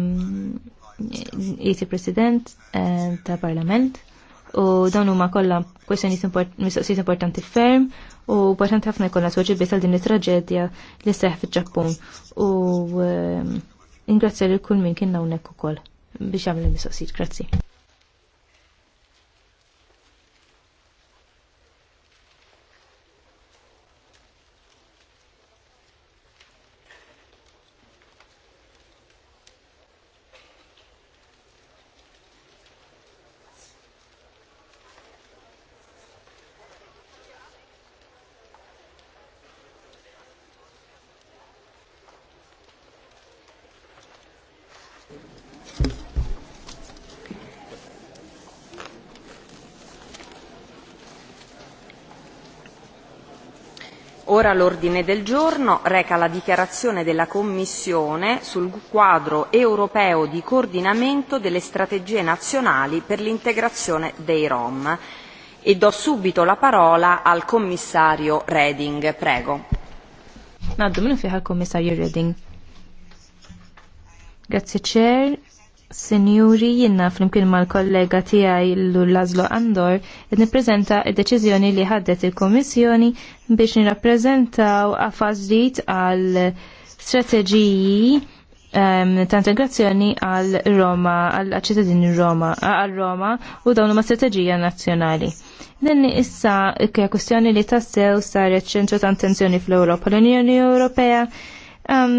Mm, jisi president eh, ta' parlament u dawn huma kollha kwestjoni mistoqsijiet importanti ferm u importanti ħafna jkollna biss għal din it-traġedja li seħ fiġ-Ġappun u eh, ingrazzjali lil kull min kien hawnhekk ukoll biex jagħmel mistoqsijiet. Grazzi. Ora l'ordine del giorno reca la dichiarazione della Commissione sul quadro europeo di coordinamento delle strategie nazionali per l'integrazione dei Rom e do subito la parola al commissario Reding, prego. Grazie Chair, Sinjuri, jinnna flimkien mal-kollega tiegħi l Lazlo Andor, id nippreżenta id-deċiżjoni li ħaddet il komissjoni biex nirrappreżentaw għafażlit għal strateġiji ehm, ta' integrazzjoni għal Roma, għal ċittadini Roma, għal Roma u dawn huma strateġija nazzjonali. Din issa kja kustjoni li tassew saret ċentru ta' attenzjoni fl europa L-Unjoni Ewropea um,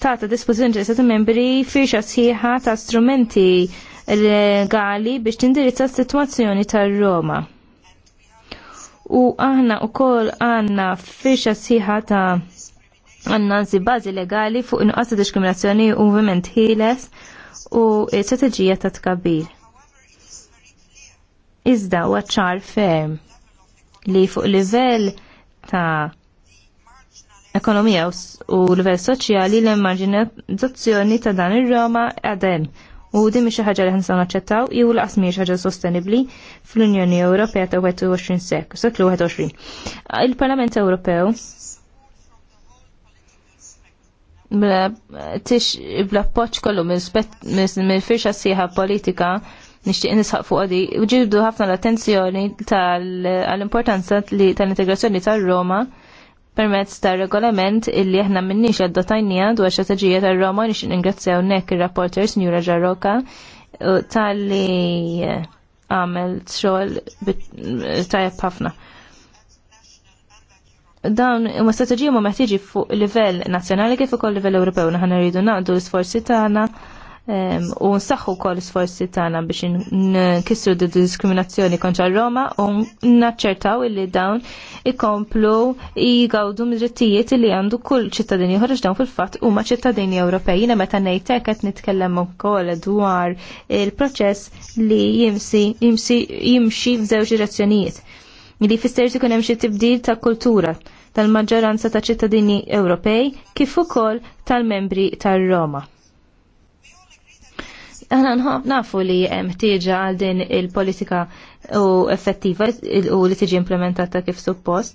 Tata disposizjoni ta' membri firxa sħiħa ta' strumenti legali biex tindirizza s-sitwazzjoni tar-Roma. U aħna wkoll għandna firxa sħiħa ta' għanna bażi legali fuq inqas ta' diskriminazzjoni u moviment ħieles u strategija ta' tkabbir. Iżda huwa ċar ferm li fuq livell ta' ekonomija u l livell soċjali l-immarġinizzazzjoni ta' dan ir-Roma għadem u din mhix xi ħaġa li ħansaw naċċettaw jew laqas mhijiex ħaġa sostenibbli fl-Unjoni Ewropea ta' 21 sek, seklu 21. Il-Parlament Ewropew bla appoġġ kollu minn firxa sieħa politika nixtieq nisħaq fuq għadi u ġibdu ħafna l-attenzjoni tal-importanza tal-integrazzjoni tal-Roma tal integrazzjoni tal roma permezz ta' regolament illi aħna minnix għaddotajnija dwar strategija ta' Roma nix ningrazzjaw nek il-rapporters Njura Ġarroka tal-li eh, għamel xogħol tajjeb ħafna. Dawn huma strateġija ma meħtieġi fuq livell nazzjonali kif ukoll livell Ewropew naħna rridu naqdu l-isforzi tagħna u nsaħħu kol sforzi tagħna biex nkissru d diskriminazzjoni kontra Roma u naċċertaw illi dawn ikomplu jgawdu mid-drittijiet li għandu kull ċittadini ħorġ dawn fil-fatt huma ċittadini Ewropej. Jina meta nejtek għet qed u kol dwar il-proċess li jimsi jimxi f'żewġ direzzjonijiet. Li fisser ikun hemm xi tibdil ta' kultura tal-maġġoranza ta' ċittadini Ewropej kif ukoll tal-membri tar-Roma. Aħna nħob nafu li mħtieġa għal din il-politika u effettiva u li tiġi implementata kif suppost.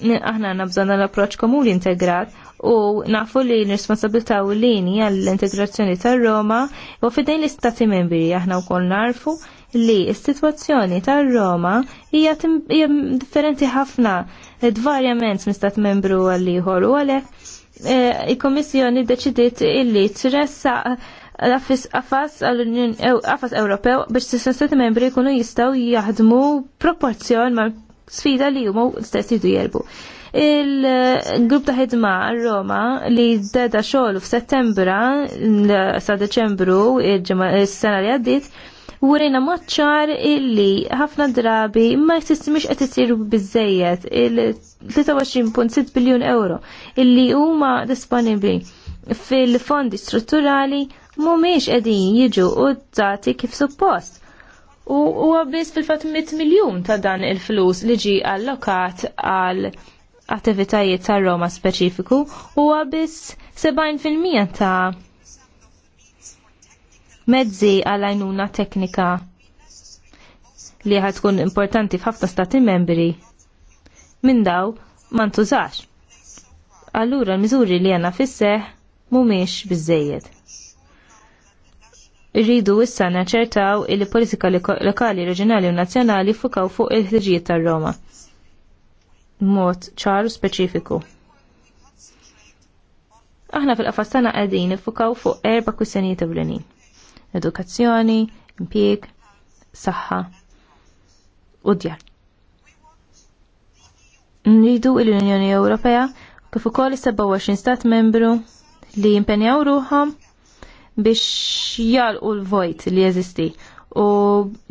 Aħna għanna bżonna l-approċ komuni integrat u nafu li l-responsabilità u l-lini għall-integrazzjoni tal-Roma u fidejn l-istati membri aħna u koll narfu li s-situazzjoni tal-Roma hija differenti ħafna dvarjament minn mistat membru għalli liħor u għalek eh, il-Komissjoni deċidiet illi tressaq għafas Ewropew biex t sensati membri kunu jistaw jaħdmu proporzjon ma' sfida li jumu stessi du jelbu. Il-grupp ta' ħidma Roma li deda xogħol f'Settembra sa' Deċembru il sena li għaddiet Wurina maċċar illi ħafna drabi ma jistimix qed isiru biżejjed il-23.6 biljun euro illi huma disponibbli fil-fondi strutturali mhumiex qegħdin jiġu użati kif suppost. U huwa biss fil-fatt 100 miljun ta' dan il-flus li ġi allokat għal attivitajiet ta' Roma speċifiku huwa biss 70% ta' mezzi għal għajnuna teknika li ħad tkun importanti f'ħafna stati membri minn daw ma ntużax. Allura l-miżuri li għanna fisseħ mumiex bizzejed. Irridu issa naċertaw il politika lokali, reġjonali u nazzjonali fukaw fuq il-ħtiġijiet tar-Roma. Mod ċar speċifiku. Aħna fil-qafas tagħna qegħdin nifukaw fuq erba' kwistjonijiet ewlenin. Edukazzjoni, impjieg, saħħa u djar. Nridu l-Unjoni Ewropea kif ukoll is-27 stat membru li jimpenjaw ruħhom biex jalqu l-vojt li jeżisti u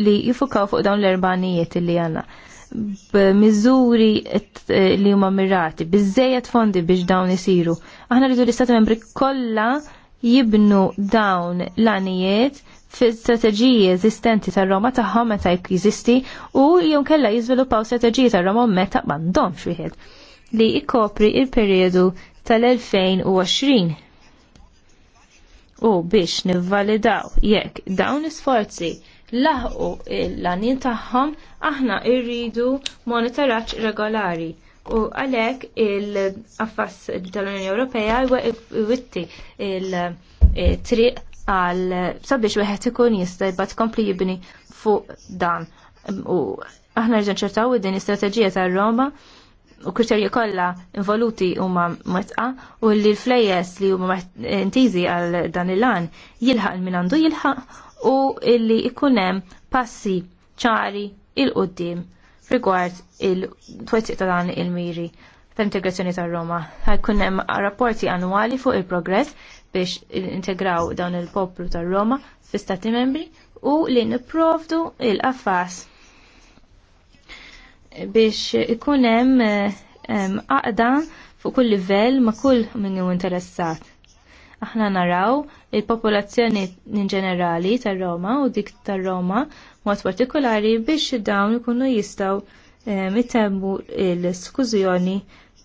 li jifukaw fuq dawn l-erbanijiet li għanna. B'miżuri li huma mirati, biżejjed fondi biex dawn isiru. Aħna rridu l-Istati membri kollha jibnu dawn l anijiet fi strategiji eżistenti tar-Roma tagħhom meta jizisti u jew kella jiżviluppaw strategiji tar-Roma meta m'għandhomx wieħed li jkopri il-perjodu tal-2020 u biex nivvalidaw jekk dawn l-isforzi laħqu l-għanin tagħhom aħna rridu monitoraġġ regolari u għalhekk il-affass tal-Unjoni Ewropea jwitti il-triq għal sabiex wieħed ikun jista' jibgħat kompli jibni fuq dan. U aħna rġan ċertaw din l-istrateġija tar-Roma u kriterji kollha involuti huma metqa u li l-flejjes li huma intiżi għal dan il-lan jilħaq min għandu jilħaq u illi ikun hemm passi ċari il-qoddim rigward il-twettiq ta' dan il-miri tal-integrazzjoni tar Roma. Ħajkun hemm rapporti annwali fuq il-progress biex integraw dawn il-poplu tar Roma fi stati membri u li nipprovdu il-qafas biex ikun hemm għaqda fuq kull livell ma' kull min hu interessat. Aħna naraw il-popolazzjoni in ġenerali tar-Roma u dik tar-Roma mod partikolari biex dawn ikunu jistgħu mitemmu l-skużjoni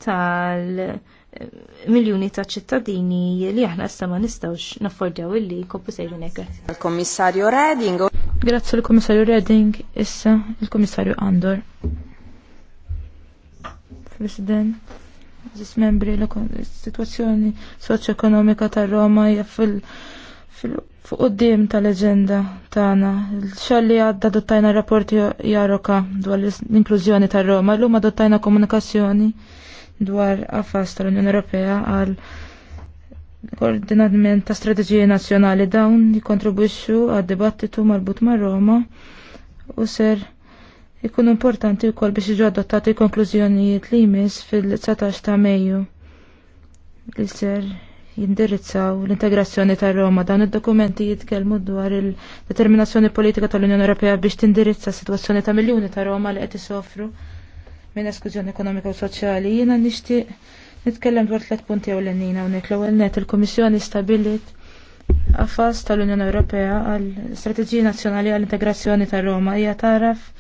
tal-miljoni ta' ċittadini li aħna issa ma nistgħux naffordjaw illi jkomplu sejri nekker. Il-Kommissarju Reding. Grazzi l-Kommissarju Reding, issa il-Kommissarju Andor. President, ġis membri l-situazzjoni soċ-ekonomika ta' Roma hija fil- fuq qudiem tal-leġenda tagħna. Xalli għadda dottajna rapporti jaroka dwar l-inklużjoni tar Roma, l-lum dottajna komunikazzjoni dwar affas tal-Unjoni Ewropea għal koordinament ta' strateġiji nazzjonali dawn jikontribwixxu għad dibattitu marbut ma' Roma u ser ikun importanti wkoll biex iġu adottati konklużjonijiet li jmiss fil-19 ta' Mejju li ser jindirizzaw l-integrazzjoni tar Roma. Dan id-dokumenti jitkellmu dwar il-determinazzjoni politika tal-Unjoni Ewropea biex tindirizza s-sitwazzjoni ta' miljuni ta' Roma li qed isofru minn esklużjoni ekonomika u soċjali. Jiena nixtieq nitkellem dwar tliet punti ewlenin hawnhekk l-ewwel net il-Kummissjoni stabilit Affas tal-Unjoni Ewropea għal strateġiji nazzjonali għall integrazzjoni tar Roma hija taraf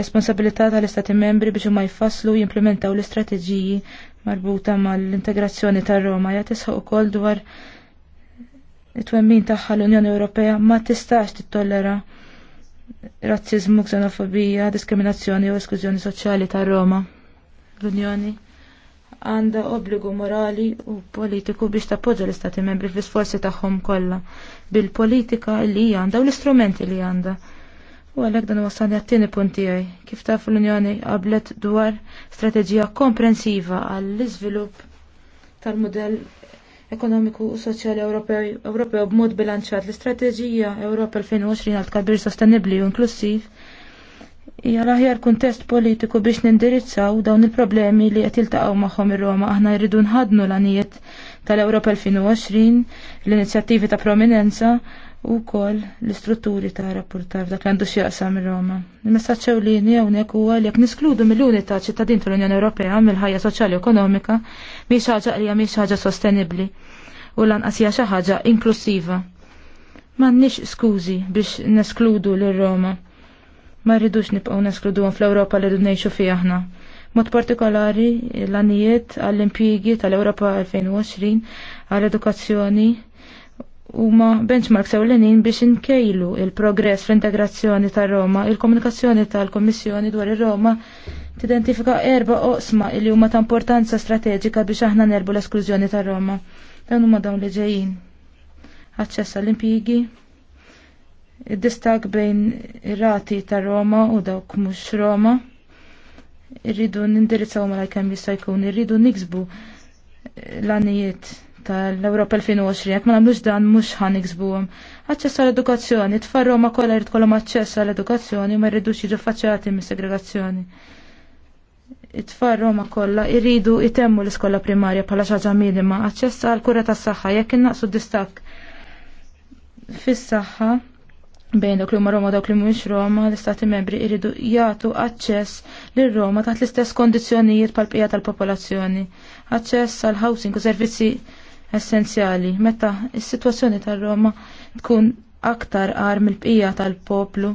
responsabilità tal-Istati membri biex huma jfasslu jimplementaw l-istrateġiji marbuta mal-integrazzjoni tar-Roma ja tisħaq ukoll dwar it-twemmin tagħha l-Unjoni Ewropea ma tistax tittollera razzizmu, xenofobija, diskriminazzjoni u esklużjoni soċjali tar-Roma. L-Unjoni għandha obbligu morali u politiku biex tappoġġa l-Istati membri fl-isforzi tagħhom kollha bil-politika li hija għandha u l-istrumenti li għandha U għalek dan wassani għattini punti għaj. Kif taf l-Unjoni qablet dwar strategija komprensiva għall-izvilup tal-modell ekonomiku u soċjali Ewropew b'mod bilanċat. L-istrateġija Ewropa 2020 għal tkabir sostenibli u inklusiv hija l-aħjar kuntest politiku biex nindirizzaw dawn il-problemi li qed jiltaqgħu magħhom ir-Roma. Aħna jridu nħadnu l-għanijiet tal-Ewropa 2020, l-inizjattivi ta' prominenza u kol l-istrutturi ta' rapportar dak għandu xieqsam Roma. Il-messagġ ewlieni hawnhekk huwa li jekk niskludu mill ta' ċittadin tal-Unjoni Ewropea mill-ħajja soċjali ekonomika mhix ħaġa qrija mhix ħaġa sostenibbli u lanqas hija xi ħaġa inklusiva. M'għandniex skużi biex neskludu lil Roma. Ma rridux nibqgħu neskluduhom fl-Ewropa li rridu ngħixu fiha aħna. Mod partikolari l-anijiet għall-impjigi tal-Ewropa 2020 għall-edukazzjoni huma benchmarks ewlenin biex inkejlu il-progress fl-integrazzjoni tar Roma, il-komunikazzjoni tal-Kommissjoni dwar ir-Roma tidentifika erba oqsma li huma ta' importanza strateġika biex aħna nerbu l-esklużjoni tar Roma. Dan huma dawn li ġejjin. Aċċess għall-impjigi, id-distak bejn ir-rati tar Roma u dawk mhux Roma. Irridu nindirizzaw ma kemm jista' jkun, irridu niksbu l-għanijiet tal-Europa 2020, jekk ma nagħmlux dan mhux ħan iksbuhom. Aċċess għall-edukazzjoni, tfarru ma kolla jrid tkollhom aċċess għall-edukazzjoni ma jridux jiġu faċċati mis-segregazzjoni. it ma kolla kollha jridu itemmu l-iskola primarja bħala xi ħaġa minima, aċċess għall-kura tas-saħħa jekk innaqsu distak fis-saħħa bejn dak li huma Roma dok li mhumiex Roma, l-Istati Membri jridu jagħtu aċċess lil Roma taħt l-istess kondizzjonijiet pal bqija tal-popolazzjoni. Aċċess għal housing u servizzi essenzjali meta is-sitwazzjoni tar-Roma tkun aktar qar mill-bqija tal-poplu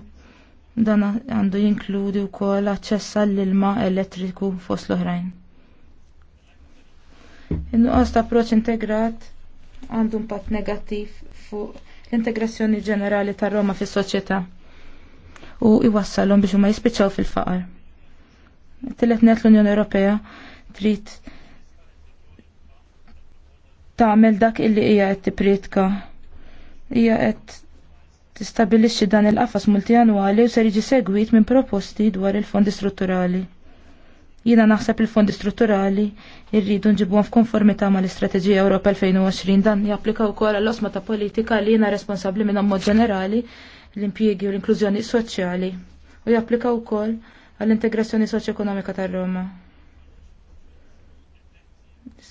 dan għandu jinkludi wkoll aċċess għall-ilma elettriku fost l-oħrajn. In-nuqqas ta' approċċ integrat għandu impatt negattiv fuq l-integrazzjoni ġenerali tar-Roma fis-soċjetà u iwassalhom biex huma jispiċċaw fil-faqar. Tillet net l-Unjoni Ewropea trid tagħmel dak illi hija qed tipritka. Hija qed tistabilixxi dan il-qafas multianwali u ser jiġi segwit minn proposti dwar il-fondi strutturali. Jiena naħseb il-fondi strutturali irridu nġibuhom f'konformità mal istrateġija Ewropa 2020 dan japplika wkoll għall osma ta' politika li jiena responsabbli minn mod ġenerali l-impjiegi u l-inklużjoni soċjali u japplika wkoll għall-integrazzjoni soċjoekonomika tar-Roma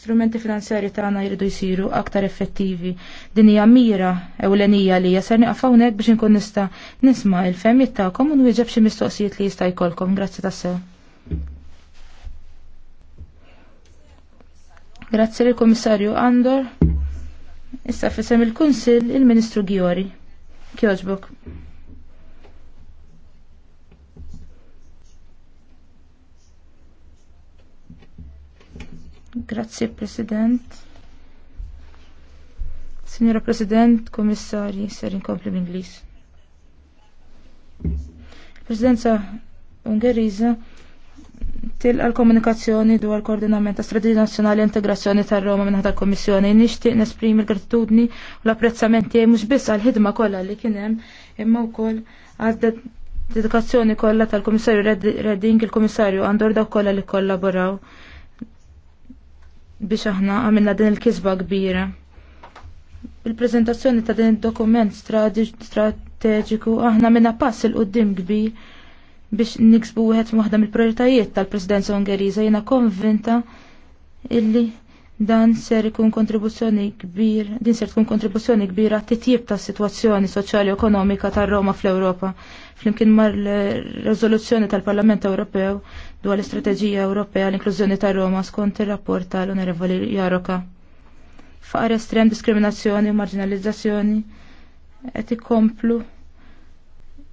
strumenti finanzjari tagħna jridu jsiru aktar effettivi. Din hija mira ewlenija li jasar niqafaw hawnhekk biex inkun nista' nisma' il fem tagħkom u nwieġeb xi mistoqsijiet li jista' jkollkom. Grazzi tassew. Grazzi lill komissarju Andor. Issa fisem il-Kunsill il-Ministru Giori. Kjoġbok. Grazzi President. Signora President, Commissari, ser inkompli bl-Inglis. Presidenza Ungheriża tilqa l-komunikazzjoni dwar koordinament ta' strategija nazzjonali e integrazzjoni tar-Roma minn tal-Kommissjoni. Nixtieq nesprimi l-gratitudni u l-apprezzament tiegħi mhux biss għall-ħidma kollha li kien hemm imma wkoll għal dedikazzjoni kollha tal-Kummissarju Redding, il-Kummissarju Andor dawk kollha li kollaboraw biex aħna għamilna din il-kisba kbira. Il-prezentazzjoni ta' din il-dokument strateġiku aħna minna pass il-qoddim kbir biex niksbu wieħed waħda mill-prioritajiet tal-Presidenza Ungeriża jiena konvinta illi dan ser ikun kontribuzzjoni kbir, din ser tkun kontribuzzjoni kbira għat titjib ta' situazzjoni soċjali u ekonomika ta' Roma fl-Ewropa. Flimkien mar l-rezoluzzjoni tal-Parlament Ewropew dwar l-Istrateġija Ewropea l-inklużjoni ta' Roma skont ir-rapport tal-Onorevoli Jaroka. Faqar estrem diskriminazzjoni u marginalizzazzjoni qed ikomplu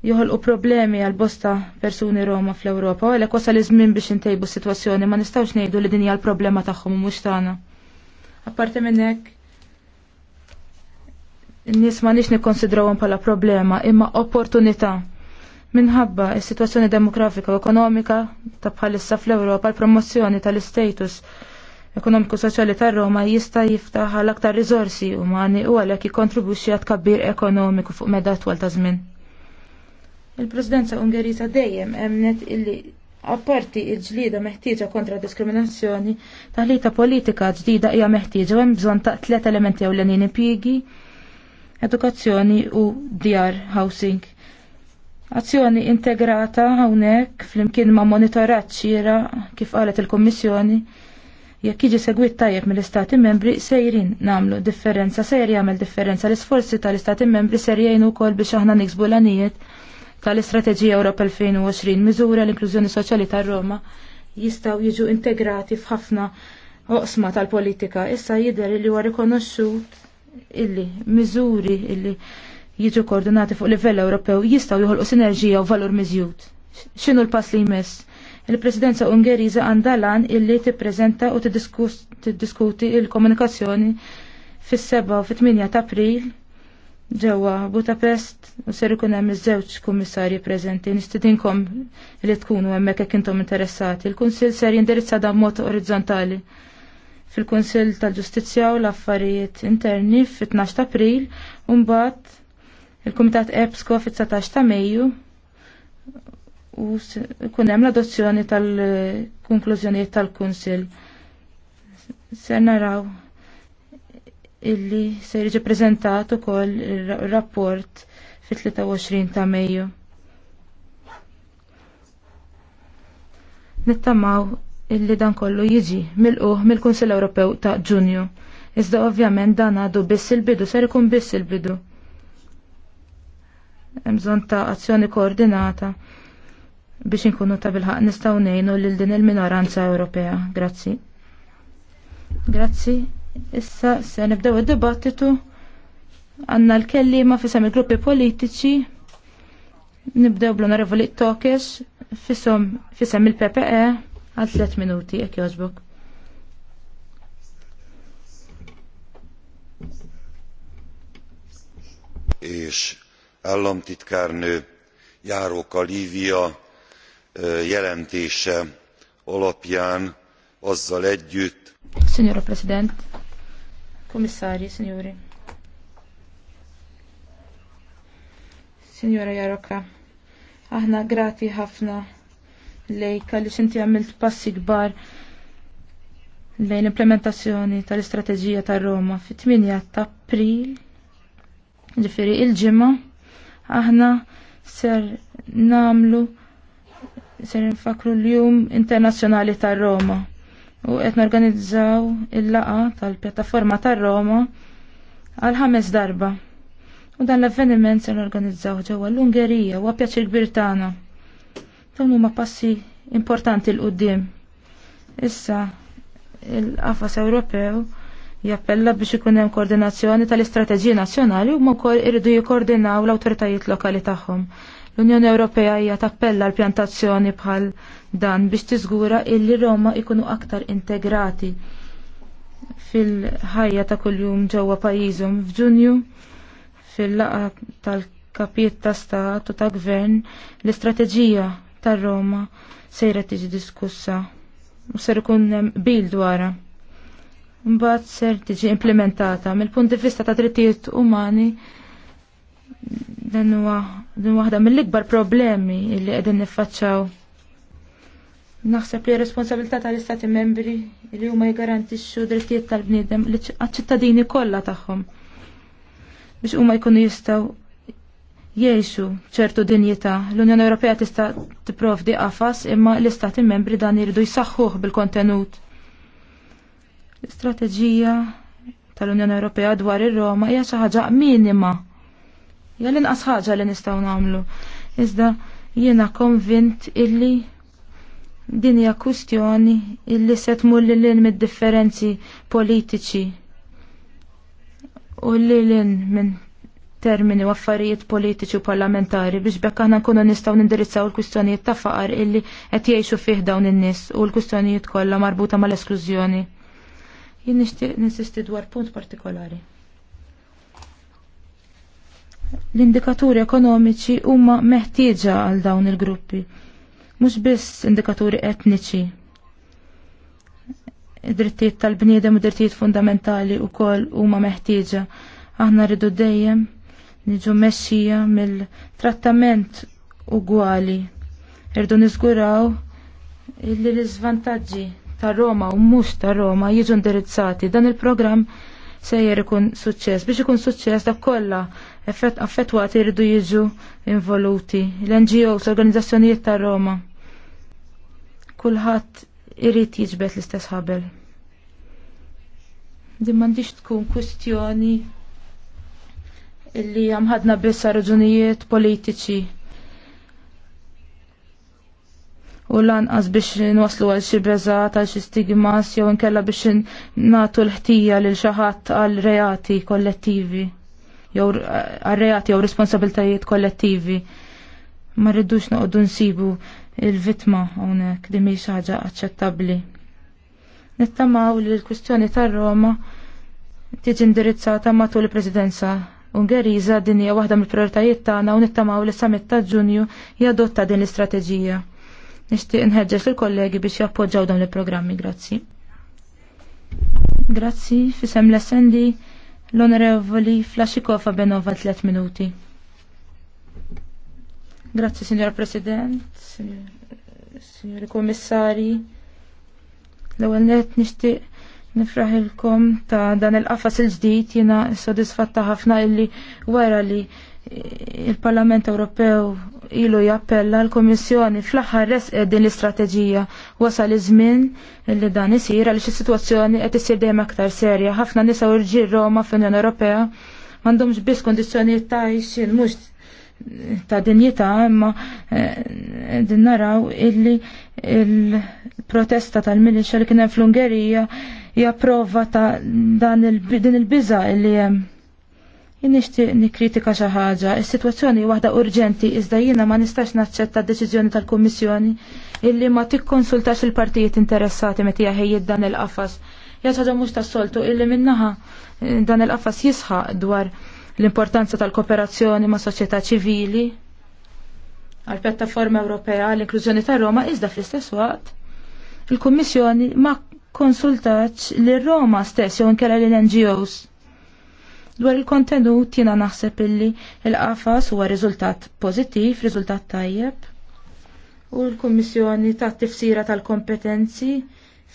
joħolqu problemi għal bosta persuni Roma fl-Ewropa, u għalek wasal iż-żmien biex intejbu s-sitwazzjoni ma nistgħux ngħidu li din hija l-problema tagħhom u mhux tagħna Apparti minn hekk in nies ma nix nikkonsidrawhom bħala problema imma opportunità. Minħabba s sitwazzjoni demografika u ekonomika ta' bħalissa fl-Ewropa l-promozzjoni tal-istatus ekonomiku soċjali tar Roma jista' jiftaħ għal aktar riżorsi umani u għalhekk jikkontribwixxi għat kabbir ekonomiku fuq meda twal ta' żmien. Il-Presidenza Ungerisa dejjem emnet illi Apparti il-ġlida meħtieġa kontra diskriminazzjoni, taħlita politika ġdida hija meħtieġa hemm bżonn ta' tliet elementi ewlenin impjiegi, edukazzjoni u djar housing. Azzjoni integrata hawnhekk flimkien ma' monitorat xira kif qalet il-Kommissjoni jekk jiġi segwit tajjeb mill-Istati membri sejrin nagħmlu differenza, Sejri jagħmel differenza l-isforzi tal-Istati membri ser jgħinu wkoll biex aħna niksbu l-anijiet tal-Istrateġija Ewropa 2020 miżura l-inklużjoni soċjali tar-Roma jistgħu jiġu integrati f'ħafna oqsma tal-politika. Issa jidher li huwa rikonoxxut illi miżuri illi jiġu koordinati fuq livell Ewropew jistgħu joħolqu sinerġija u valur miżjud. X'inhu l-pass li jmiss? Il-Presidenza Ungeriża għandha lan illi tippreżenta u tiddiskuti il-komunikazzjoni fis-7 u fit-8 ta' April ġewwa Budapest u ser ikun hemm iż-żewġ kummissarji preżenti nistidinkom li tkunu hemmhekk jekk intom interessati. Il-Kunsill ser jindirizza dan mod orizzontali fil-Kunsill tal-Ġustizzja u l-Affarijiet Interni fit-12 ta' April u mbagħad il-Kumitat EBSCO fit-19 ta' Mejju u kun hemm l-adozzjoni tal-konklużjonijiet tal-Kunsill. Ser naraw illi se jiġi ppreżentat ukoll ir-rapport fit-23 ta' Mejju. Nittamaw illi dan kollu jiġi mill-uħ mill-Kunsill Ewropew ta' Ġunju. Iżda ovvjament dan għadu biss il-bidu, ser ikun biss il-bidu. Hemm bżonn ta' azzjoni koordinata biex inkunu ta' bilħaq nistgħu ngħinu lil din il-minoranza Ewropea. Grazzi. Grazzi. Issa se nibdew id-dibattitu għanna l-kellima fisem il-gruppi politiċi nibdew bl-onorevoli Tokes fisom fisem il-PPE għal 3 minuti jekk jogħġbok. És államtitkárnő Járóka Lívia jelentése alapján azzal együtt. Signora Presidente. Kummissarji, Sinjuri. Signora Jaroka, aħna grati ħafna lejk għalli xinti għamilt passi kbar lejn implementazzjoni tal-istrateġija ta' Roma fit-8 ta' April, ġifiri il-ġimma, aħna ser namlu ser infakru l-jum internazzjonali ta' Roma u qed norganizzaw il-laqa tal-pjattaforma tar-Roma għal ħames darba. U dan l-avveniment se norganizzaw ġewwa l-Ungerija u għapjaċ il-kbir tagħna. Dawn huma passi importanti l-qudiem. Issa l qafas Ewropew jappella biex ikun hemm koordinazzjoni tal istrateġija nazzjonali u wkoll irridu jikkoordinaw l-awtoritajiet lokali tagħhom. L-Unjoni Ewropea hija tappella l-pjantazzjoni bħal dan biex tiżgura illi Roma ikunu aktar integrati fil-ħajja ta' kuljum ġewwa pajjiżhom f'Ġunju fil-laqa tal-kapiet ta' stat u ta' gvern l-istrateġija tar Roma sejra tiġi diskussa u ser ikun bil dwarha. Mbagħad ser tiġi implementata mill-punt di vista ta' drittijiet umani dan huwa Din waħda mill-ikbar problemi li qegħdin niffaċċaw. Naħseb li responsabilità tal-Istati membri li huma jgarantixxu drittijiet tal-bniedem li għaċ-ċittadini kollha tagħhom biex huma jkunu jistgħu jgħixu ċertu dinjità. L-Unjoni Ewropea tista' tipprovdi qafas imma l-Istati membri dan jiridu jsaħħuh bil-kontenut. L-istrateġija tal-Unjoni Ewropea dwar ir-Roma hija xi ħaġa minima Hija inqas ħaġa li nistgħu nagħmlu. Iżda jiena konvint illi din hija kwistjoni illi se tmur lil lin mid-differenzi politiċi u li lin minn termini u affarijiet politiċi u parlamentari biex bekk aħna nkunu nistgħu nindirizzaw il-kwistjonijiet ta' faqar illi qed jgħixu fih dawn in-nies u l-kwistjonijiet kollha marbuta mal-esklużjoni. Jien nixtieq ninsisti dwar punt partikolari. L-indikaturi ekonomiċi huma meħtieġa għal dawn il-gruppi, mhux biss indikaturi etniċi. Id-drittijiet tal-bniedem u drittijiet fundamentali wkoll huma meħtieġa. Aħna rridu dejjem niġu mexxija mill-trattament ugwali. Irdu niżguraw illi l-iżvantaġġi ta' Roma u mhux ta' Roma jiġu indirizzati. Dan il-programm sejjer ikun suċċess. Biex ikun suċċess dak kollha affettwati jridu jiġu involuti. L-NGOs, organizzazzjonijiet ta' Roma. Kulħadd irid jiġbed l-istess ħabel. Din m'għandix tkun kwistjoni illi għamħadna bissa raġunijiet politiċi u lanqas biex nwaslu għal xi breżat għal xi stigmas jew inkella biex nagħtu l-ħtija lil xi ħadd għal reati kollettivi jew għal reati jew responsabiltajiet kollettivi. Ma rridux noqogħdu nsibu il-vitma hawnhekk li mhix ħaġa aċċettabbli. Nittamaw li l-kwistjoni tar-Roma tiġi indirizzata matul il-Presidenza Ungeriża din hija waħda mill-prijoritajiet tagħna u nittamaw li summit ta' Ġunju jadotta din l-istrateġija. Nixtieq inħeġġeġ lill-kollegi biex jappoġġaw dawn il-programmi, grazzi. Grazzi, fisem l-essendi l-onorevoli Flasikofa Benova 3 minuti. Grazzi, signor President, signori Kommissari. L-ewwel net nixtieq nifraħilkom ta' dan il-qafas il-ġdid jiena sodisfatta ħafna illi wara li il-Parlament Ewropew ilu jappella l-Komissjoni fl-aħħar resqed eh, din l-istrateġija wasal iż-żmien li dan isir għaliex is-sitwazzjoni qed isir dejjem aktar serja. Ħafna nisa u rġiel Roma fl-Unjoni Ewropea m'għandhomx biss kondizzjonijiet ta' il mhux ta' dinjità imma eh, din naraw illi il-protesta tal-milixa li kien hemm fl-Ungerija hija prova ta' din il-biża illi hemm Nixtieq nikkritika xi ħaġa, is-sitwazzjoni waħda urġenti iżda jiena ma nistax naċċetta d-deċiżjoni tal-Kummissjoni illi ma tikkonsultax il-partijiet interessati meta jaħejjed dan il-qafas. Ja mux mhux tas-soltu illi minnaħa eh, dan il-qafas jisħaq dwar l-importanza tal-kooperazzjoni ma' soċjetà ċivili għal pjattaforma Ewropea l-inklużjoni ta' Roma iżda fl-istess waqt il-Kummissjoni ma konsultax li Roma stess jew inkella l-NGOs Dwar il-kontenut jiena naħseb illi il-qafas huwa riżultat pożittiv, riżultat tajjeb. U l-Kummissjoni ta' tifsira tal-kompetenzi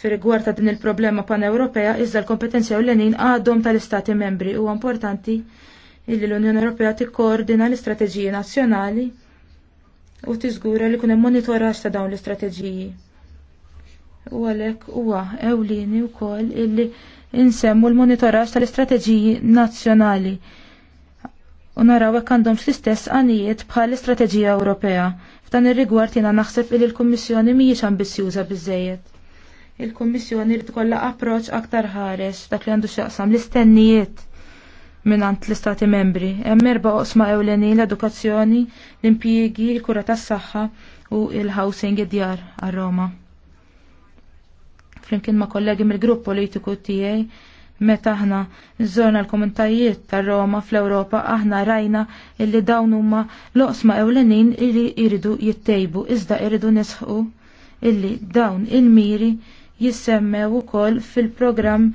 fir rigward ta' din il-problema pan-Ewropea iżda l-kompetenzi ewlenin għadhom tal-Istati membri u importanti illi l-Unjoni Ewropea tikkoordina l-istrateġiji nazzjonali u tiżgura li kun hemm monitoraġġ ta' dawn l-istrateġiji. U għalhekk huwa ewlieni wkoll illi insemmu l-monitoraġġ tal-istrateġiji nazzjonali u naraw hekk għandhom l-istess għanijiet bħal l-istrateġija Ewropea. F'dan ir-rigward jiena naħseb li l-Kummissjoni mhijiex ambizzjuża biżejjed. Il-Kummissjoni rid kollha approċċ aktar ħares dak li għandu x'jaqsam l-istennijiet minant l-istati membri. Hemm erba' oqsma ewlenin l-edukazzjoni, l-impjiegi, l-kura tas-saħħa u l-housing id-djar għar-Roma flimkien ma' kollegi mill-grupp politiku tiegħi meta aħna zorna l-komunitajiet ta' Roma fl-Ewropa aħna rajna illi dawn huma loqsma ewlenin illi jridu jittejbu iżda iridu nisħu illi dawn il-miri jissemmew ukoll fil-programm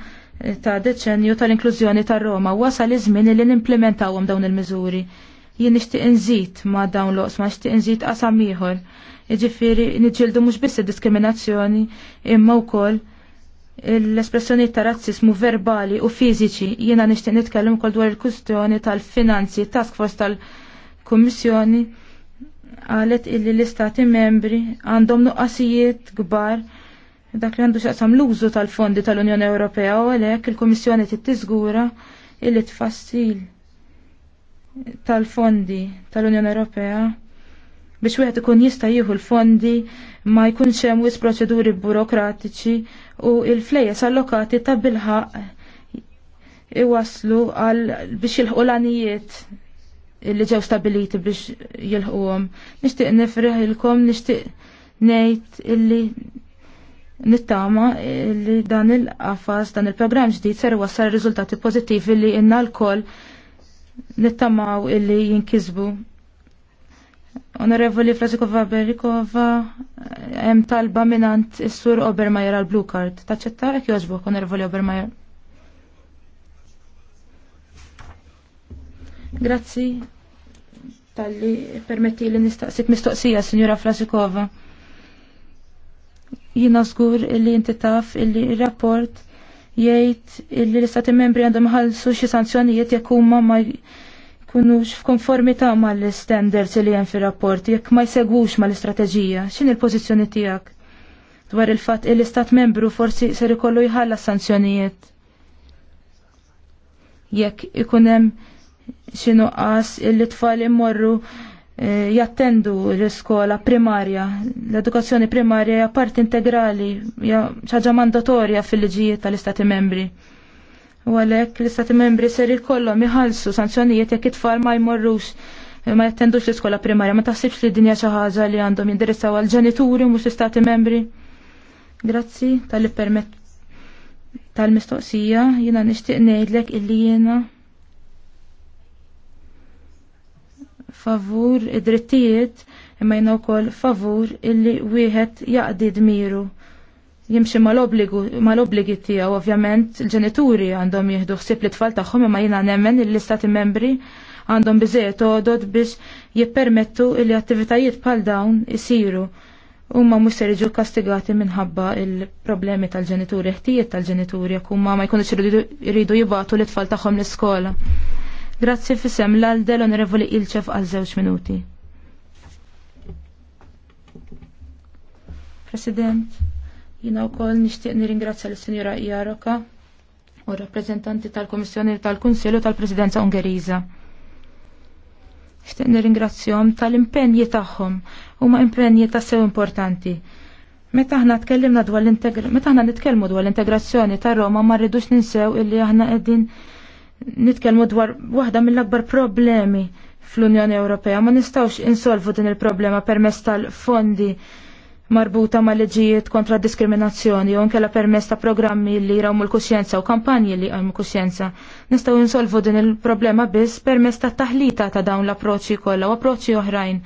ta' deċenju tal-inklużjoni ta' Roma wasal iż-żmien illi nimplementawhom dawn il-miżuri. Jien nixtieq inżid ma' dawn loqsma, nixtieq inżid qasam ieħor Iġifiri, niġildu mux biss diskriminazzjoni imma u koll l-espressjoni ta' razzismu verbali u fiziċi jiena nishtiq nitkellem kol dwar il-kustjoni tal-finanzi, task force tal-kummissjoni għalet illi l-istati membri għandhom nuqqasijiet gbar dak li għandu xaqsam l-użu tal-fondi tal-Unjoni Ewropea u għalek il t tittiżgura illi tfassil tal-fondi tal-Unjoni Ewropea biex wieħed ikun jista' jieħu l-fondi ma jkunx hemm wis proċeduri burokratiċi u l-flejjes allokati ta' bilħaq iwaslu għal biex jilħqu l-anijiet li ġew stabiliti biex jilħquhom. Nixtieq nifriħilkom, nixtieq ngħid illi nittama li dan il-qafas, dan il-programm ġdid ser wassal riżultati pożittivi li inna l nittamaw illi jinkisbu Onorevoli Frasikova Berikova, hemm talba minant is-sur Obermajer għal Blue Card. Taċċetta jekk jogħġbok, Onorevoli Obermajer. Grazzi tal-li permetti li nistaqsik mistoqsija, Signora Frasikova. Jina żgur illi inti taf illi il rapport jgħid illi l-istati membri għandhom ħallsu xi sanzjonijiet jekk huma ma' kunux f'konformità mal-standards li hemm fir-rapport jekk ma jsegwux mal-istrateġija, x'in il-pożizzjoni tiegħek dwar il-fatt li l-istat membru forsi ser ikollu jħalla sanzjonijiet. Jekk ikun hemm xi nuqqas li tfal immorru eh, jattendu l-iskola primarja, l-edukazzjoni primarja hija parti integrali, hija xi ħaġa mandatorja fil-liġijiet tal-istati membri. U għalhekk l-istati membri ser ikollhom iħallsu sanzjonijiet jekk it-tfal ma jmorrux ma jattendux l-iskola primarja, ma taħsibx li dinja xi ħaġa li għandhom jindirizzaw għal ġenituri mhux l-istati membri. Grazzi tal permet tal-mistoqsija jiena nixtieq ngħidlek illi jiena favur id-drittijiet imma jina wkoll favur illi wieħed jaqdi dmiru jimxi mal-obligi tiegħu ovvjament il-ġenituri għandhom jieħdu ħsieb li tfal tagħhom imma jiena nemmen l-istati membri għandhom biżejjed odod biex jippermettu li attivitajiet bħal dawn isiru huma ma se jiġu kastigati minħabba il-problemi tal-ġenituri, ħtijiet tal-ġenituri u ma ma jkunux iridu jibgħatu l-tfal tagħhom l-iskola. Grazzi fissem l-għalde l-onorevoli Ilċef għal żewġ minuti. President. Jina u koll nishtiq nir-ingrazzja l-Sinjura Jaroka u rappresentanti tal-Komissjoni tal kunsilu tal-Presidenza Ungeriza. Nishtiq nir-ingrazzjom tal-impenji tagħhom huma impenji ta' sew importanti. Meta ħna tkellimna dwar l-integrazzjoni, nitkellmu dwar l-integrazzjoni ta' Roma ma rridux ninsew illi aħna qegħdin nitkellmu dwar waħda mill-akbar problemi fl-Unjoni Ewropea. Ma nistgħux insolvu din il-problema permezz tal-fondi marbuta ma' liġijiet kontra diskriminazzjoni u nkella permess ta' programmi li jrawmu l-kuxjenza u kampanji li għajmu kuxjenza. Nistaw insolvu din il-problema biss permess ta' taħlita ta' dawn l-approċċi kollha u approċċi oħrajn.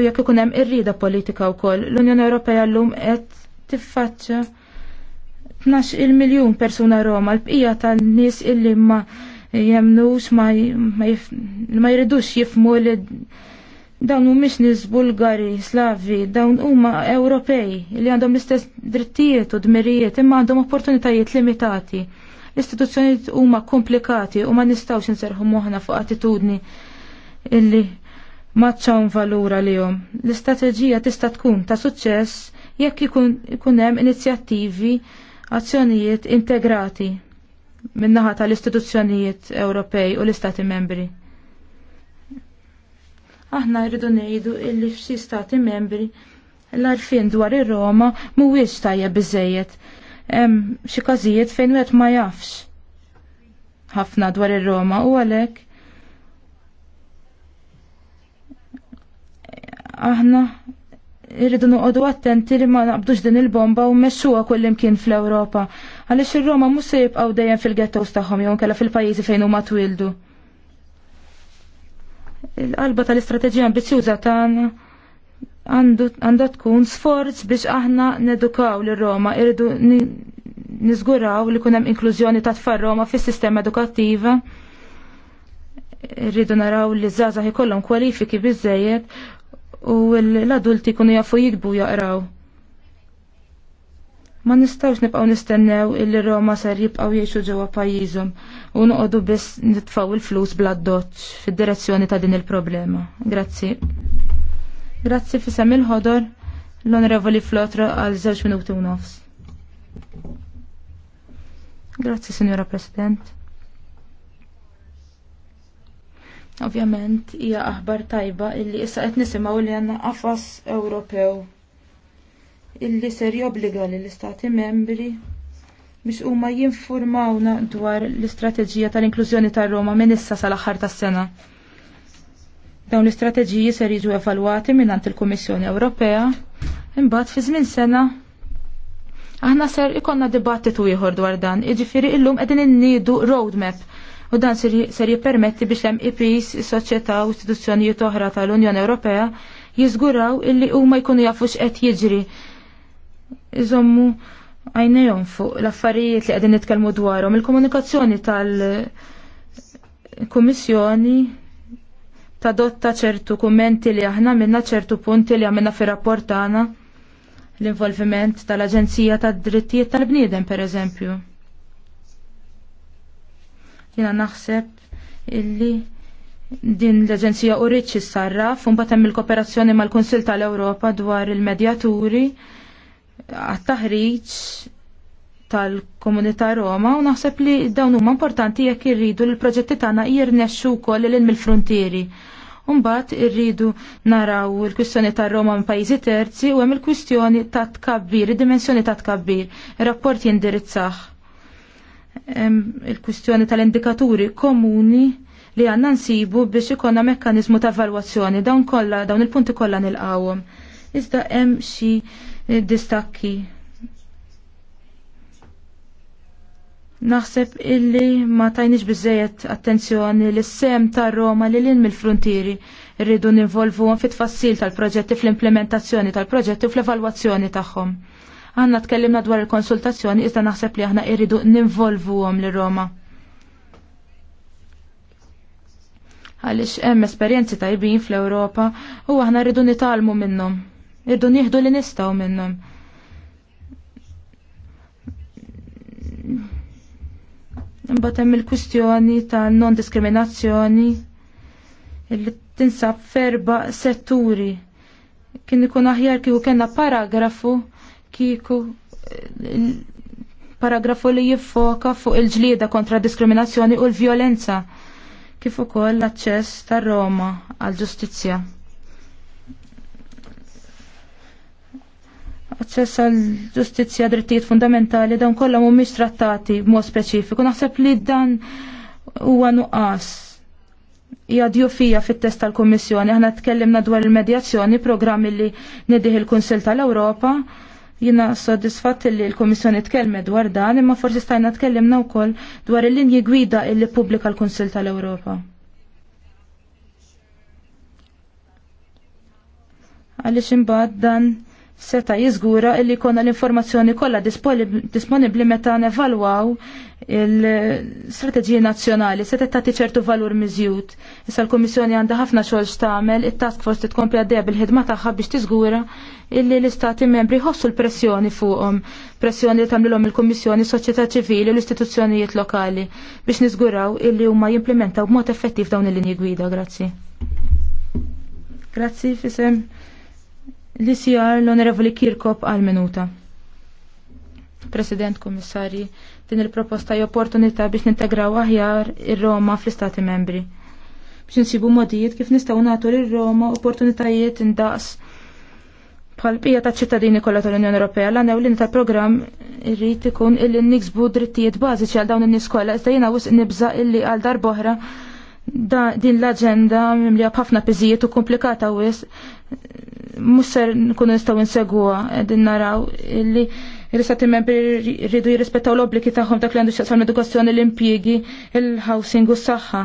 U jekk ikun hemm irrida politika wkoll, l-Unjoni Ewropea llum qed tiffaċċa 12 il miljun persuna Roma, l-bqija tal-nies illi ma jemnux ma, jridux jifmu li Dawn mhumiex nies Bulgari, Slavi, dawn huma Ewropej li għandhom l-istess drittijiet u dmirijiet imma għandhom opportunitajiet limitati. L-istituzzjonijiet huma komplikati u ma nistawx nserħu moħħna fuq attitudni illi maċċawn valura jom. L-istrateġija tista' tkun ta' suċċess jekk ikun hemm inizjattivi azzjonijiet integrati min-naħa tal-istituzzjonijiet Ewropej u l-Istati membri. Aħna rridu ngħidu illi f'xi stati membri l-arfin dwar ir-Roma mhuwiex tajjeb biżejjed. Hemm xi każijiet fejn wieħed ma jafx ħafna dwar ir-Roma u għalhekk aħna irridu noqogħdu attenti li ma naqbdux din il-bomba u mmexxuha kull imkien fl-Ewropa. Għaliex ir-Roma mhux se jibqgħu dejjem fil-ghettos tagħhom jew kella fil-pajjiżi fejn huma twildu il-qalba tal-istrateġija ambizjuża tagħna għandha tkun sforz biex aħna nedukaw l roma irridu niżguraw li kunem inklużjoni ta' tfal Roma fis-sistema edukattiva. Irridu naraw li żgħażagħ ikollhom kwalifiki biżejjed u l-adulti kunu jafu jikbu jaqraw. Ma nistawx nibqaw nistennew illi Roma ser jibqaw jiexu ġewwa pajjiżhom u noqogħdu biss nitfgħu il-flus bla doċ fid-direzzjoni ta' din il-problema. Grazzi. Grazzi fisem il-ħodor l-Onorevoli Flotra għal żewġ minuti u nofs. Grazzi, Signora President. Ovvjament, hija aħbar tajba illi issa qed nisimgħu li għandna qafas Ewropew illi ser jobbliga lill istati membri biex huma jinformawna dwar l-istrateġija tal-inklużjoni tar-Roma minn issa sal-aħħar tas-sena. Dawn l-istrateġiji ser jiġu evalwati mingħand il-Kummissjoni Ewropea imbagħad fi żmien sena aħna ser ikonna dibattitu ieħor dwar dan, jiġifieri illum qegħdin innidu roadmap u dan ser jippermetti biex hemm IPs, soċjetà u istituzzjonijiet oħra tal-Unjoni Ewropea jiżguraw illi huma jkunu jafu x'qed jiġri iżommu għajnejhom fuq l-affarijiet li qegħdin nitkellmu dwarhom. Il-komunikazzjoni tal-Kummissjoni tadotta ċertu kummenti li aħna minna ċertu punti li għamilna fi rapportana l-involviment tal-Aġenzija tad-Drittijiet tal-Bniedem pereżempju. Jiena naħseb illi din l-Aġenzija u rridx issarraf, un hemm il-kooperazzjoni mal-Kunsil tal-Ewropa dwar il-medjaturi. il medjaturi għat-taħriġ tal-komunità Roma u naħseb li dawn huma importanti jekk irridu li l-proġetti tagħna jirnexxu wkoll lil mill-frontieri. Umbagħad irridu naraw il-kwistjoni tar Roma minn pajjiżi terzi u hemm il-kwistjoni ta' tkabbir, id-dimensjoni ta' tkabbir. Ir-rapport jindirizzah. Il-kwistjoni tal-indikaturi komuni li għandna nsibu biex ikonna mekkaniżmu ta' evalwazzjoni dawn kollha dawn il-punti kollha nilqawhom. Iżda hemm xi distakki. Naħseb illi ma tajniex bizzejet attenzjoni l sem ta' Roma li l-in mill-frontieri rridu ninvolvu għan fit fassil tal-proġetti fl-implementazzjoni tal-proġetti fl-evalwazzjoni tagħhom. Għanna tkellimna dwar il-konsultazzjoni iżda naħseb li aħna irridu ninvolvu għom l Roma. Għalix hemm esperjenzi tajbin fl-Ewropa u aħna rridu nitalmu minnhom Irdu nieħdu li nistgħu minnhom. Imbagħad hemm il-kwistjoni ta' non-diskriminazzjoni li tinsab ferba setturi. Kien ikun aħjar kieku kellna paragrafu kieku eh, paragrafu li jiffoka fuq il-ġlieda kontra diskriminazzjoni u l-vjolenza kif ukoll l-aċċess tar-Roma għall-ġustizzja. aċċess għal ġustizzja drittijiet fundamentali dawn kollha mhumiex trattati b'mod speċifiku. Naħseb li dan huwa nuqqas jadju fija fit-test tal-Kummissjoni. Aħna tkellimna dwar il-medjazzjoni, programmi li nidih il-Kunsil tal-Ewropa. Jina soddisfatt li l-Kummissjoni tkellme dwar dan, imma forsi stajna tkellimna wkoll dwar il-linji gwida illi pubblika l-Kunsil tal-Ewropa. Għaliex imbagħad dan seta' jiżgura illi jkollna l-informazzjoni kollha disponibbli meta nevalwaw il-strateġiji nazzjonali seta tagħti ċertu valur miżjud. Issa l-Kummissjoni għandha ħafna xogħol x'tagħmel, it-task force titkompli għaddejja bil-ħidma tagħha biex tiżgura illi l-istati membri jħossu l-pressjoni fuqhom, pressjoni li tagħmilhom il-Kummissjoni, soċjetà ċivili u l-istituzzjonijiet lokali biex niżguraw illi huma jimplementaw b'mod effettiv dawn il-linji gwida. Grazzi. Grazzi fisem Li sijar l-Onorevoli Kirkop għal minuta. President Komissari, din il-proposta hija opportunità biex nintegraw aħjar ir-Roma fl-Istati membri. Biex nsibu modijiet kif nistgħu nagħtu lir-Roma opportunitajiet indaqs bħal bija ta' ċittadini kollha tal-Unjoni Ewropea l għanew l-inta programm irrid ikun illi niksbu drittijiet bażiċi għal dawn in-nies kollha iżda jiena wisq nibża illi għal boħra din l-aġenda mimlija b'ħafna piżijiet u komplikata wisq musser nkunu nistaw insegwa din naraw illi il-istati membri rridu jirrispettaw l-obbligi tagħhom dak li għandu xaqsam edukazzjoni l-impjiegi, il-housing u s-saħħa.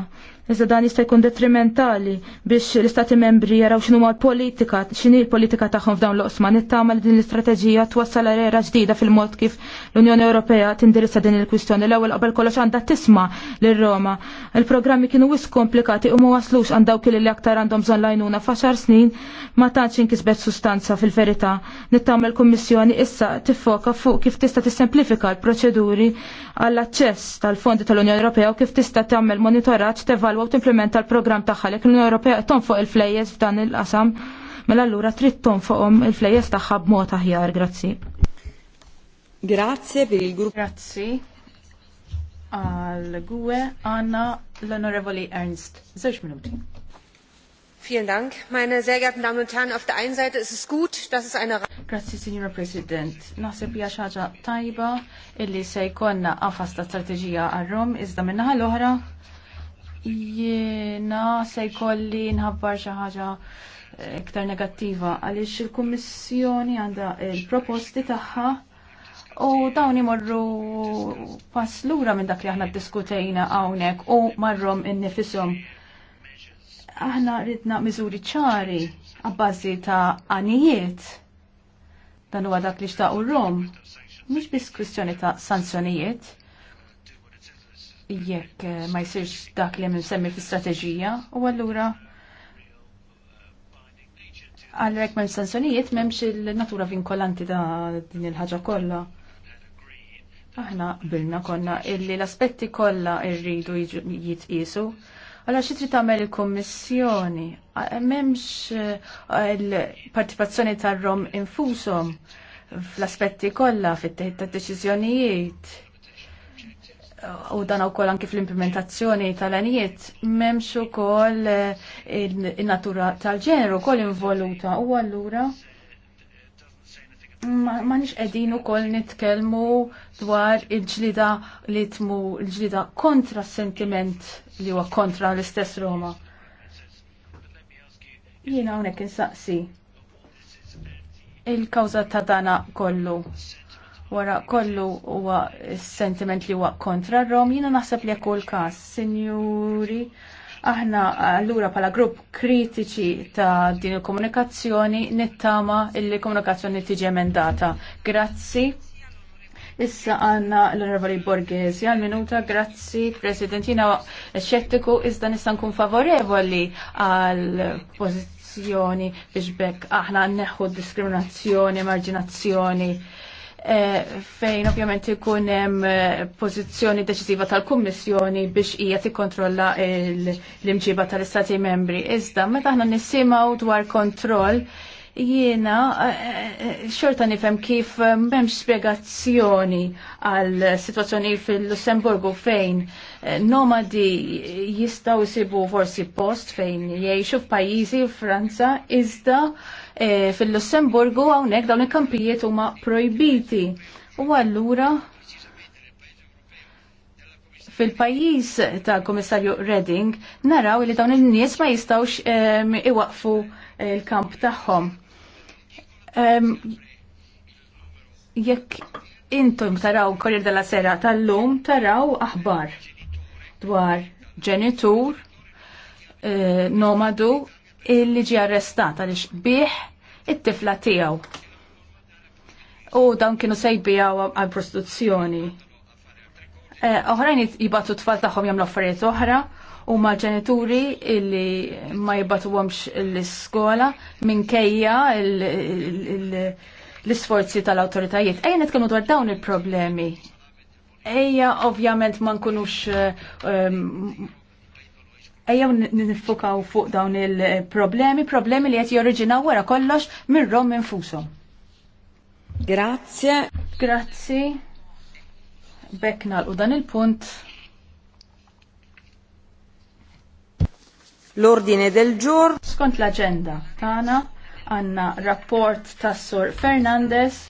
Iżda dan jista' jkun detrimentali biex l-Istati membri jaraw x'inhu l-politika, x'inhi l-politika tagħhom f'dawn l-oqsma. Nittama li din l-istrateġija twassal era ġdida fil-mod kif l-Unjoni Ewropea tindirizza din il-kwistjoni. L-ewwel qabel kollox għandha tisma' lil Roma. Il-programmi kienu wis komplikati u ma waslux għandha dawk li aktar għandhom bżonn lajnuna f'għaxar snin ma tantx inkisbet sustanza fil-verità. Nittama l-Kummissjoni issa tiffoka fuq kif tista' tissemplifika l-proċeduri għall-aċċess tal-fondi tal-Unjoni Ewropea u kif tista' tagħmel monitoraġġ tevalwa tal evalwa u timplementa l-programm tagħha lek l-Unjoni Ewropea fuq il-flejjes f'dan il-qasam. Mela allura trid fuqhom il-flejjes tagħha b'mod aħjar, grazzi. Grazie per il gruppo. Grazie al GUE Anna l'Onorevoli Ernst. Zewġ minuti. Vielen Dank. Meine sehr geehrten Damen und Herren, auf der einen Seite ist es gut, dass es eine Grazie, Signora President. Naħseb hija xaġa tajba illi se jkollna qafas ta' strategija għal rom izda minna għal-ohra, Jiena se jkolli nħabbar xi ħaġa eh, iktar negattiva għaliex il-Kummissjoni għandha il-proposti tagħha u dawn imorru pass lura minn dak li aħna ddiskutejna hawnhekk u marrom innifisom. Aħna ridna miżuri ċari għabbażi ta' għanijiet dan huwa dak li xtaqu rom. Mhux biss kwistjoni ta' sanzjonijiet jekk eh, ma jsirx dak li hemm semmi fl-istrateġija u allura għalrek ma sanzjonijiet m'hemmx il-natura vinkolanti ta' din il-ħaġa kollha. Aħna bilna konna illi l-aspetti kollha rridu jitqisu. Allora xi trid tagħmel il-Kummissjoni? M'hemmx eh, il-partipazzjoni tar-rom infushom fl-aspetti kollha fit-teħid tad-deċiżjonijiet u dan u koll anki fl-implementazzjoni tal-anijiet, memx u koll eh, il-natura tal-ġeneru koll involuta u għallura ma nix edin u koll nitkelmu dwar il-ġlida li tmu il-ġlida kontra sentiment li huwa kontra l-istess Roma. Jina hawnhekk insaqsi il-kawża ta' dana kollu wara kollu huwa sentiment li huwa kontra Rom, jiena naħseb li jekk każ, sinjuri, aħna allura pala grupp kritiċi ta' din il-komunikazzjoni nittama il-komunikazzjoni tiġi emendata. Grazzi. Issa għanna l onorvali Borghesi għal minuta, grazzi President, jina xettiku iżda nista' nkun favorevoli għal pożizzjoni biex bekk aħna neħu diskriminazzjoni, marġinazzjoni Eh, fejn ovvjament ikun hemm eh, pożizzjoni deċiżiva tal-Kummissjoni biex hija tikkontrolla l-imġiba tal-Istati membri. Iżda meta aħna nisimgħu dwar kontroll jiena eh, xorta nifhem kif m'hemmx spjegazzjoni għal sitwazzjoni fil-Lussemburgu fejn nomadi jistgħu jsibu forsi post fejn jgħixu f'pajjiżi Franza iżda Eh, fil-Lussemburgu hawnhekk dawn il-kampijiet huma projbiti. U allura fil-pajjiż tal-Kummissarju Redding naraw li dawn in-nies ma jistgħux ehm, iwaqfu il-kamp eh, tagħhom. Ehm, jekk intom taraw korrier della sera tal-lum taraw aħbar dwar ġenitur, eh, nomadu illi ġi arrestata li bih it-tifla tiegħu. U dawn kienu sejbija għal prostituzzjoni. Eh, oħrajn jibatu tfal tagħhom jagħmlu affarijiet oħra u ma ġenituri illi ma jibatuhomx l-iskola minkejja l-isforzi tal-awtoritajiet. Ejja nitkellmu dwar dawn il-problemi. Ejja ovvjament ma nkunux eh, ejjew nifukaw fuq dawn il-problemi, problemi li qed jorriġinaw wara kollox minn rom infushom. Grazie. Grazie. Bekk nalqu dan il-punt. L-ordine del giorno. Skont l-agenda tagħna għandna rapport tas-Sur Fernandez